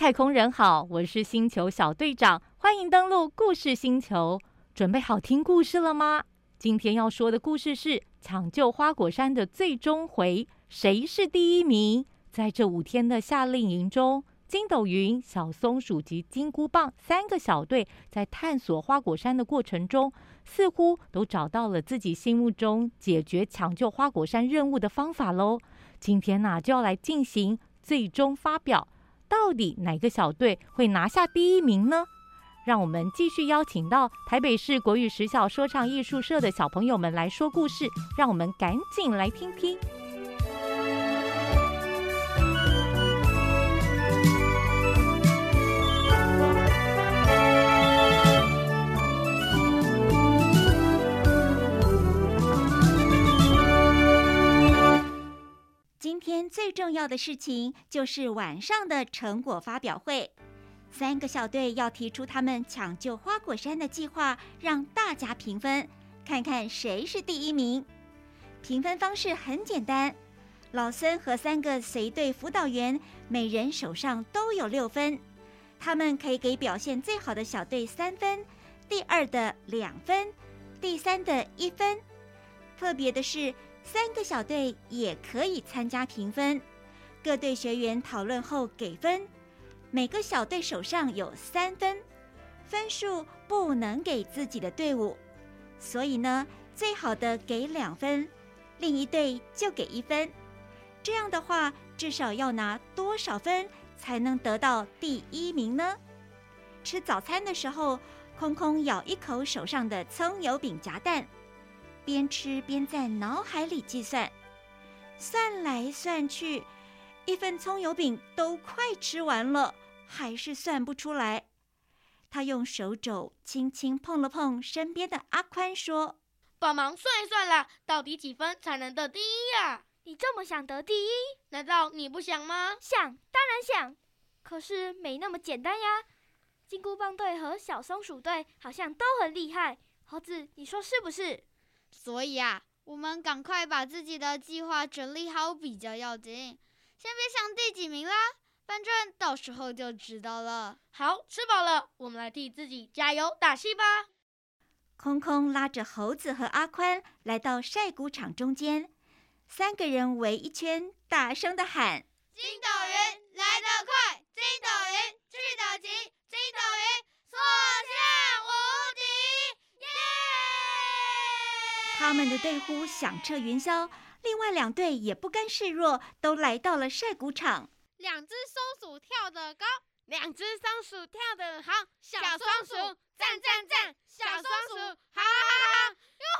太空人好，我是星球小隊長，歡迎登錄故事星球，準備好聽故事了嗎？今天要說的故事是《搶救花果山》的最終回，誰是第一名？在這五天的夏令營中，筋斗雲、小松鼠及金箍棒三個小隊在探索花果山的過程中，似乎都找到了自己心目中解決搶救花果山任務的方法嘍。今天呢、啊，就要來進行最終發表。到底哪個小隊會拿下第一名呢？讓我們繼續邀請到台北市國語實小說唱藝術社的小朋友們來說故事，讓我們趕緊來聽聽。最重要的事情就是晚上的成果發表會，三個小隊要提出他們搶救花果山的計劃，讓大家評分，看看誰是第一名。評分方式很簡單，老孫和三個隨隊輔導員每人手上都有六分，他們可以給表現最好的小隊三分，第二的兩分，第三的一分。特別的是。三個小隊也可以參加評分，各隊學員討論後給分。每個小隊手上有三分，分數不能給自己的隊伍，所以呢，最好的給兩分，另一隊就給一分。這樣的話，至少要拿多少分才能得到第一名呢？吃早餐的時候，空空咬一口手上的蔥油餅夾蛋。邊吃邊在腦海裡計算，算來算去，一份蔥油餅都快吃完了，還是算不出來。他用手肘輕輕碰了碰身邊的阿寬，說：“幫忙算一算啦，到底幾分才能得第一呀？啊？你這麼想得第一，難道你不想嗎？想，當然想，可是沒那麼簡單呀。金箍棒隊和小松鼠隊好像都很厲害，猴子，你說是不是？”所以啊，我們趕快把自己的計劃整理好比較要緊，先別想第幾名啦，反正到時候就知道了。好，吃飽了，我們來替自己加油打氣吧。空空拉着猴子和阿寬來到曬穀場中間，三個人圍一圈，大聲地喊：“筋斗雲來得快，筋斗雲去得急，筋斗雲所向無敵。”他們的隊呼響徹雲霄，另外兩隊也不甘示弱，都來到了曬穀場。兩隻松鼠跳得高，兩隻松鼠跳得好，小松鼠讚讚讚，小松鼠好、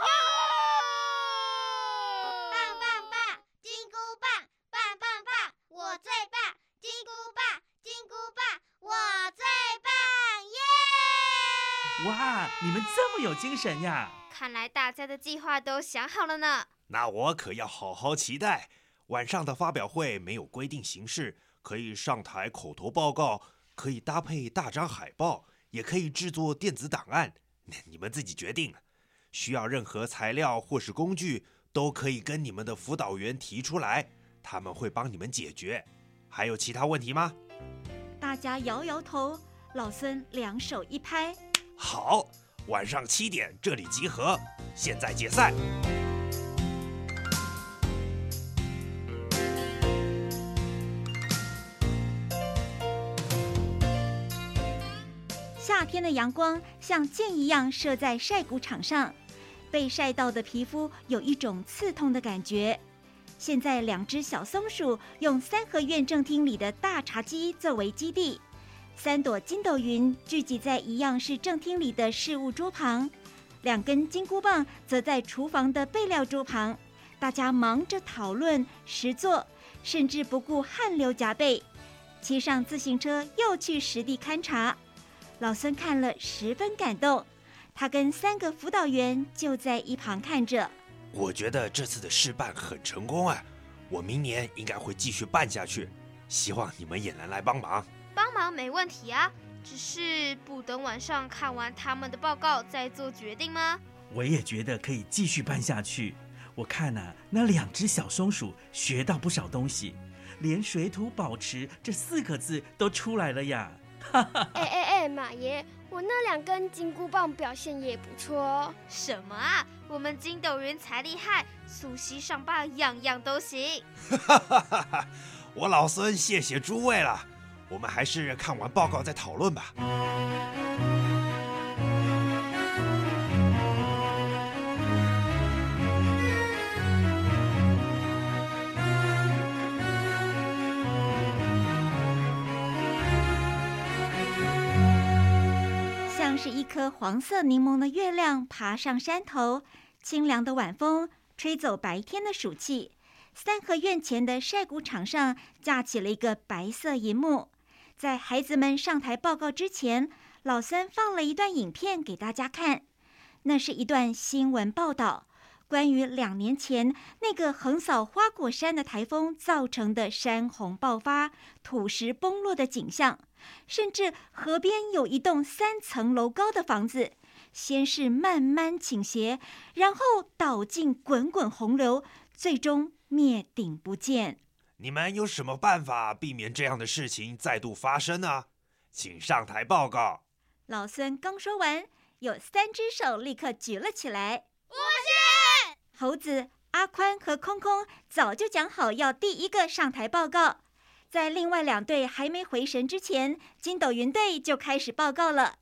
嗯，棒棒棒，金箍棒，棒棒棒棒，我最棒，金箍棒，金箍棒，我最棒，耶！哇，你們這麼有精神呀！看來大家的計劃都想好了呢。那我可要好好期待，晚上的發表會沒有規定形式，可以上台口頭報告，可以搭配大張海報，也可以制作電子檔案，你們自己決定。需要任何材料或是工具，都可以跟你們的輔導員提出來，他們會幫你們解決。還有其他問題嗎？大家搖搖頭，老孫兩手一拍，好。晚上七點這裡集合，現在解散。夏天的陽光像箭一樣射在曬谷場上，被曬到的皮膚有一種刺痛的感覺。現在兩隻小松鼠用三合院正廳裡的大茶几作為基地。三朵筋斗雲聚集在一樣是正廳裡的事務桌旁，兩根金箍棒則在廚房的備料桌旁。大家忙着討論、實作，甚至不顧汗流浹背，騎上自行車又去實地勘察。老孫看了十分感動，他跟三個輔導員就在一旁看着。我覺得這次的試辦很成功啊，我明年應該會繼續辦下去，希望你們也能來幫忙。沒問題啊，只是不等晚上看完他們的報告再做決定嗎？我也覺得可以繼續辦下去。我看啊，那兩隻小松鼠學到不少東西，連水土保持這四個字都出來了呀！哎哎哎，馬爺，我那兩根金箍棒表現也不錯哦。什麼啊？我們筋斗雲才厲害，蘇西上棒，樣樣都行。哈哈哈哈哈，我老孫謝謝諸位了。我們還是看完報告再討論吧。像是一顆黃色檸檬的月亮爬上山頭，清涼的晚風吹走白天的暑氣，三合院前的曬谷場上架起了一個白色銀幕。在孩子們上台報告之前，老三放了一段影片給大家看。那是一段新聞報道，關於兩年前那個橫掃花果山的颱風造成的山洪爆發、土石崩落的景象，甚至河邊有一棟三層樓高的房子，先是慢慢傾斜，然後倒進滾滾洪流，最終滅頂不見。你們有什麼辦法避免這樣的事情再度發生呢？請上台報告。老孫剛說完，有三隻手立刻舉了起來。不行，猴子阿寬和空空早就講好要第一個上台報告。在另外兩隊還沒回神之前，筋斗雲隊就開始報告了。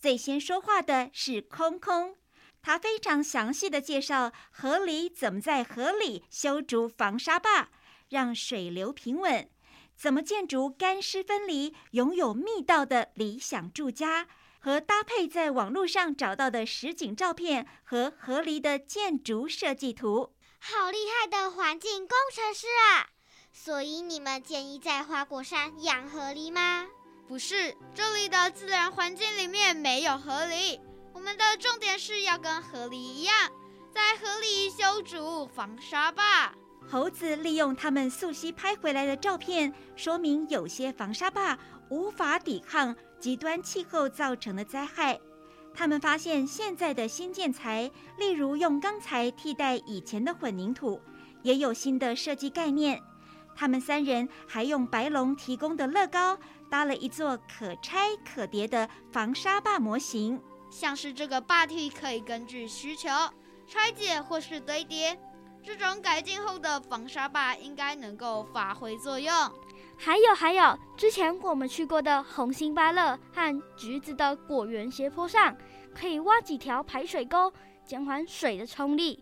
最先說話的是空空，他非常詳細地介紹河狸怎麼在河裡修築防沙壩。讓水流平穩，怎麼建築乾濕分離、擁有密道的理想住家？和搭配在網絡上找到的實景照片和河狸的建築設計圖，好厲害的環境工程師啊！所以你們建議在花果山養河狸嗎？不是，這裡的自然環境裡面沒有河狸。我們的重點是要跟河狸一樣，在河裡修築防沙壩。猴子利用他們溯溪拍回來的照片，說明有些防沙壩無法抵抗極端氣候造成的災害。他們發現，現在的新建材，例如用鋼材替代以前的混凝土，也有新的設計概念。他們三人還用白龍提供的樂高搭了一座可拆可疊的防沙壩模型，像是這個壩體可以根據需求拆解或是堆疊。這種改進後的防沙壩應該能夠發揮作用。還有還有，之前我們去過的紅星芭樂和橘子的果園斜坡上，可以挖幾條排水溝，減緩水的衝力；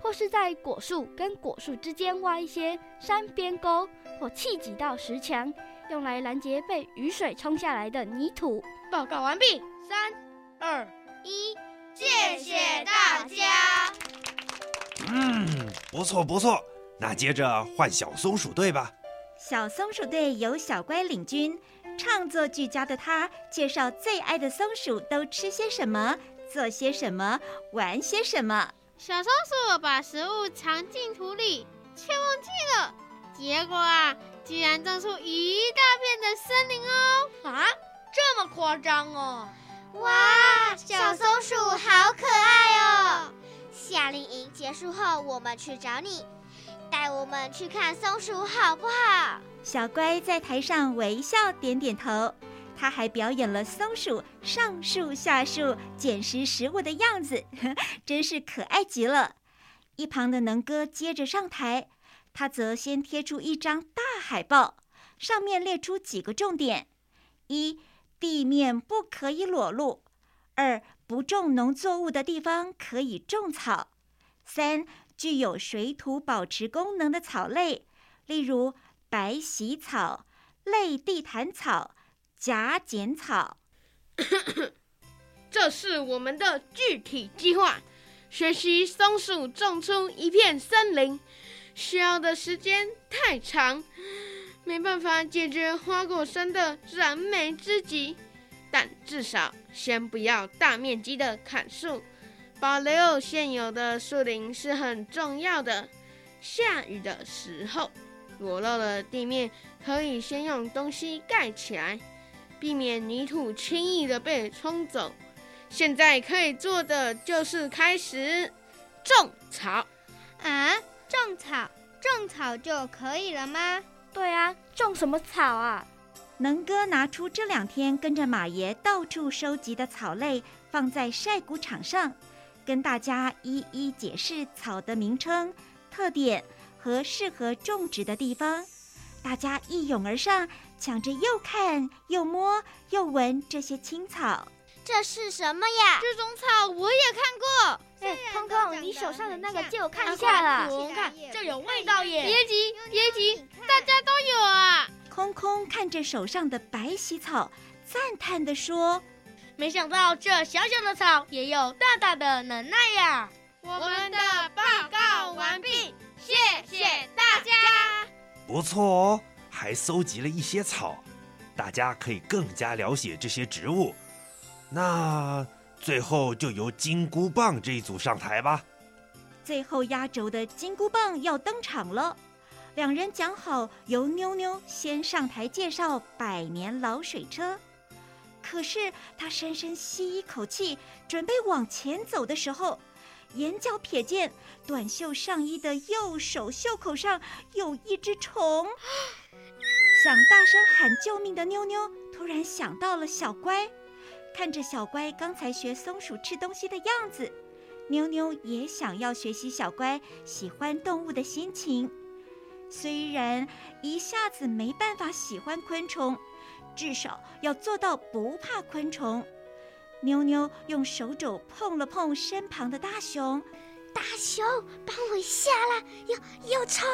或是在果樹跟果樹之間挖一些山邊溝，或砌幾道石牆，用來攔截被雨水沖下來的泥土。報告完畢，三二一，謝謝大家。不錯不錯，那接着換小松鼠隊吧。小松鼠隊由小乖領軍，唱作俱佳的他介紹最愛的松鼠都吃些什麼，做些什麼，玩些什麼。小松鼠把食物藏進土裡，卻忘記了，結果啊，居然長出一大片的森林哦！啊，這麼誇張哦！哇，小松鼠好可愛哦！夏令營結束後，我們去找你，帶我們去看松鼠好不好？小乖在台上微笑點點頭，他還表演了松鼠上樹、下樹、撿拾食，食物的樣子呵，真是可愛極了。一旁的能哥接着上台，他則先貼出一張大海報，上面列出幾個重點：一、地面不可以裸露；二、不種農作物的地方可以種草。三、具有水土保持功能的草類，例如百喜草、類地毯草、假儉草。這是我們的具體計劃。學習松鼠種出一片森林，需要的時間太長，沒辦法解決花果山的燃眉之急。但至少先不要大面積的砍樹，保留現有的樹林是很重要的。下雨的時候，裸露的地面可以先用東西蓋起來，避免泥土輕易的被沖走。現在可以做的就是開始種草。啊！種草，種草就可以了嗎？對啊，種什麼草啊？能哥拿出這兩天跟着馬爺到處收集的草類，放在曬穀場上，跟大家一一解釋草的名稱、特點和適合種植的地方。大家一擁而上，搶着又看又摸又聞這些青草。這是什麼呀？這種草我也看過。哎，空空，哎，你手上的那個借我看一下了。我、啊、看，這有味道耶！別急，別急，大家都有啊。空空看着手上的白喜草，讚嘆地說：“沒想到這小小的草也有大大的能耐呀！”我們的報告完畢，謝謝大家。不錯哦，還搜集了一些草，大家可以更加了解這些植物。那最後就由金箍棒這一組上台吧。最後壓軸的金箍棒要登場了。兩人講好由妞妞先上台介紹百年老水車，可是她深深吸一口氣，準備往前走的時候，眼角瞥見短袖上衣的右手袖口上有一隻蟲，想大聲喊救命的妞妞突然想到了小乖，看着小乖剛才學松鼠吃東西的樣子，妞妞也想要學習小乖喜歡動物的心情。雖然一下子沒辦法喜歡昆蟲，至少要做到不怕昆蟲。妞妞用手肘碰了碰身旁的大熊，大熊，幫我下來，有有蟲。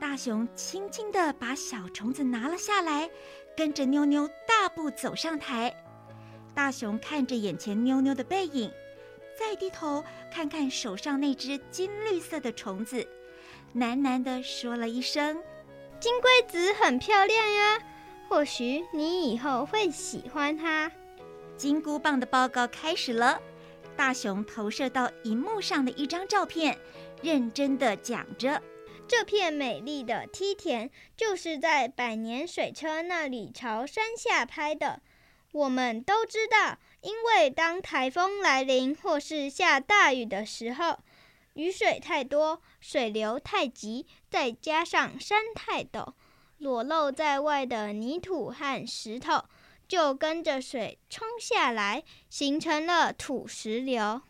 大熊輕輕地把小蟲子拿了下來，跟着妞妞大步走上台。大熊看着眼前妞妞的背影，再低頭看看手上那只金綠色的蟲子。喃喃地說了一聲：“金龜子很漂亮呀，或許你以後會喜歡它。”金箍棒的報告開始了，大雄投射到螢幕上的一張照片，認真地講着：“這片美麗的梯田就是在百年水車那裡朝山下拍的。我們都知道，因為當台風來臨或是下大雨的時候。”雨水太多，水流太急，再加上山太陡，裸露在外的泥土和石頭就跟着水沖下來，形成了土石流。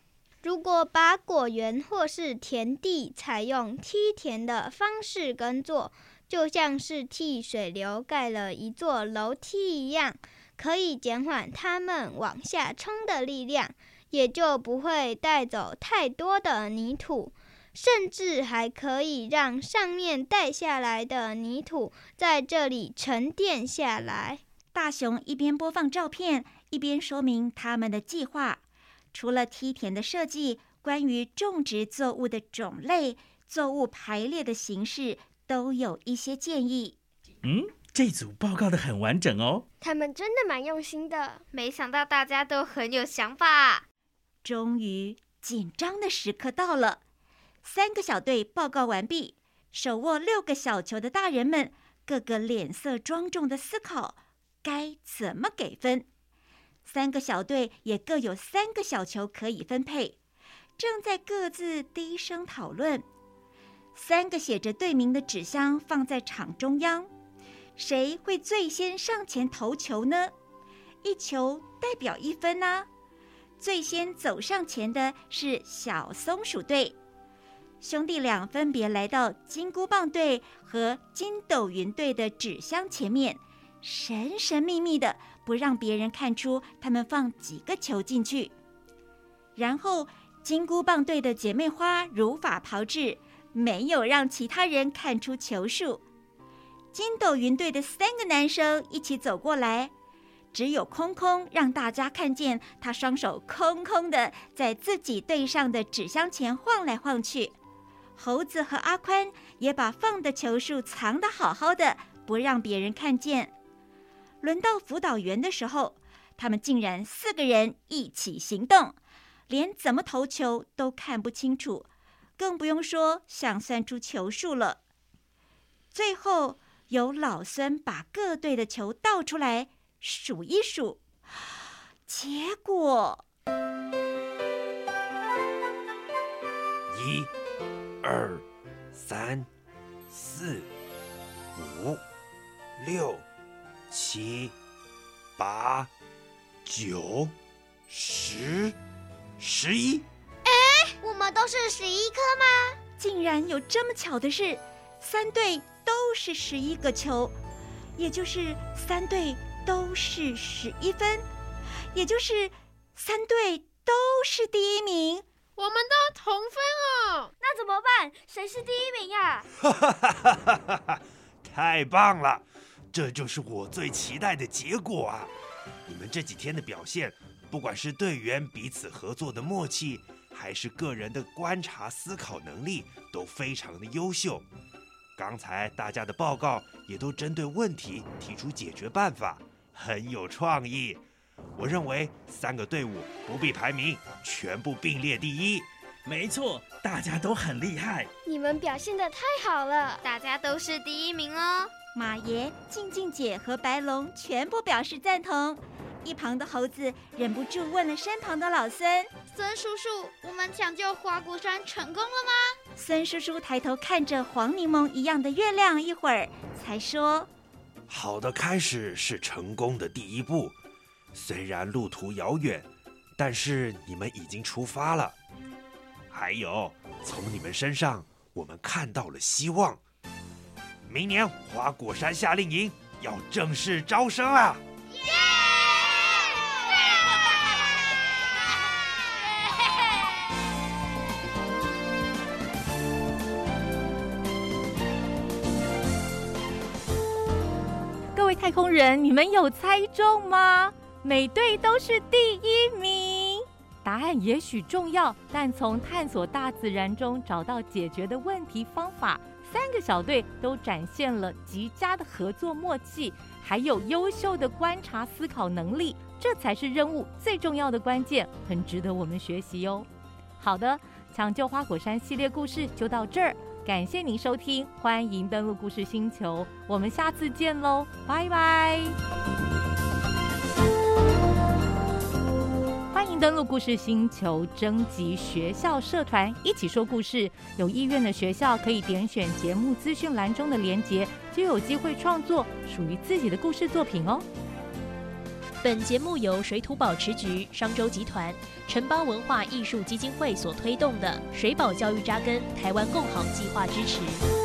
如果把果園或是田地採用梯田的方式耕作，就像是替水流蓋了一座樓梯一樣，可以減緩它們往下沖的力量。也就不會帶走太多的泥土，甚至還可以讓上面帶下來的泥土在這裡沉澱下來。大雄一邊播放照片，一邊說明他們的計劃。除了梯田的設計，關於種植作物的種類、作物排列的形式，都有一些建議。嗯，這組報告得很完整哦！他們真的蠻用心的，沒想到大家都很有想法。終於，緊張的時刻到了。三個小隊報告完畢，手握六個小球的大人們，個個臉色莊重地思考該怎麼給分。三個小隊也各有三個小球可以分配，正在各自低聲討論。三個寫着隊名的紙箱放在場中央，誰會最先上前投球呢？一球代表一分啊。最先走上前的是小松鼠隊，兄弟倆分別來到金箍棒隊和筋斗雲隊的紙箱前面，神神秘秘的不讓別人看出他們放幾個球進去。然後金箍棒隊的姐妹花如法炮制，沒有讓其他人看出球數。筋斗雲隊的三個男生一起走過來。只有空空讓大家看見他雙手空空的在自己隊上的紙箱前晃來晃去。猴子和阿寬也把放的球數藏得好好的，不讓別人看見。輪到輔導員的時候，他們竟然四個人一起行動，連怎麼投球都看不清楚，更不用說想算出球數了。最後由老孫把各隊的球倒出來。數一數，結果一、二、三、四、五、六、七、八、九、十、十一。哎，我們都是十一顆嗎？竟然有這麼巧的事，三隊都是十一個球，也就是三隊，都是十一分，也就是三隊都是第一名。我們都同分哦，那怎麼辦？誰是第一名呀？哈哈哈哈哈！太棒了，這就是我最期待的結果啊！你們這幾天的表現，不管是隊員彼此合作的默契，還是個人的觀察思考能力，都非常的優秀。剛才大家的報告也都針對問題提出解決辦法。很有創意，我認為三個隊伍不必排名，全部並列第一。沒錯，大家都很厲害，你們表現得太好了，大家都是第一名哦。馬爺、靜靜姐和白龍全部表示贊同。一旁的猴子忍不住問了身旁的老孫：“孫叔叔，我們搶救花果山成功了嗎？”孫叔叔抬頭看着黃檸檬一樣的月亮，一會兒才說。好的開始是成功的第一步，雖然路途遙遠，但是你們已經出發了。還有，從你們身上我們看到了希望。明年花果山夏令營要正式招生了。各位太空人，你們有猜中嗎？每隊都是第一名。答案也許重要，但從探索大自然中找到解決的問題方法，三個小隊都展現了極佳的合作默契，還有優秀的觀察思考能力，這才是任務最重要的關鍵，很值得我們學習喲、哦。好的，搶救花果山系列故事就到這兒。感謝您收聽，歡迎登錄故事星球，我們下次見嘍，拜拜！歡迎登錄故事星球，徵集學校社團一起說故事，有意願的學校可以點選節目資訊欄中的連結，就有機會創作屬於自己的故事作品哦。本節目由水土保持局、商周集團、城邦文化藝術基金會所推動的“水保教育扎根台灣共好計劃”支持。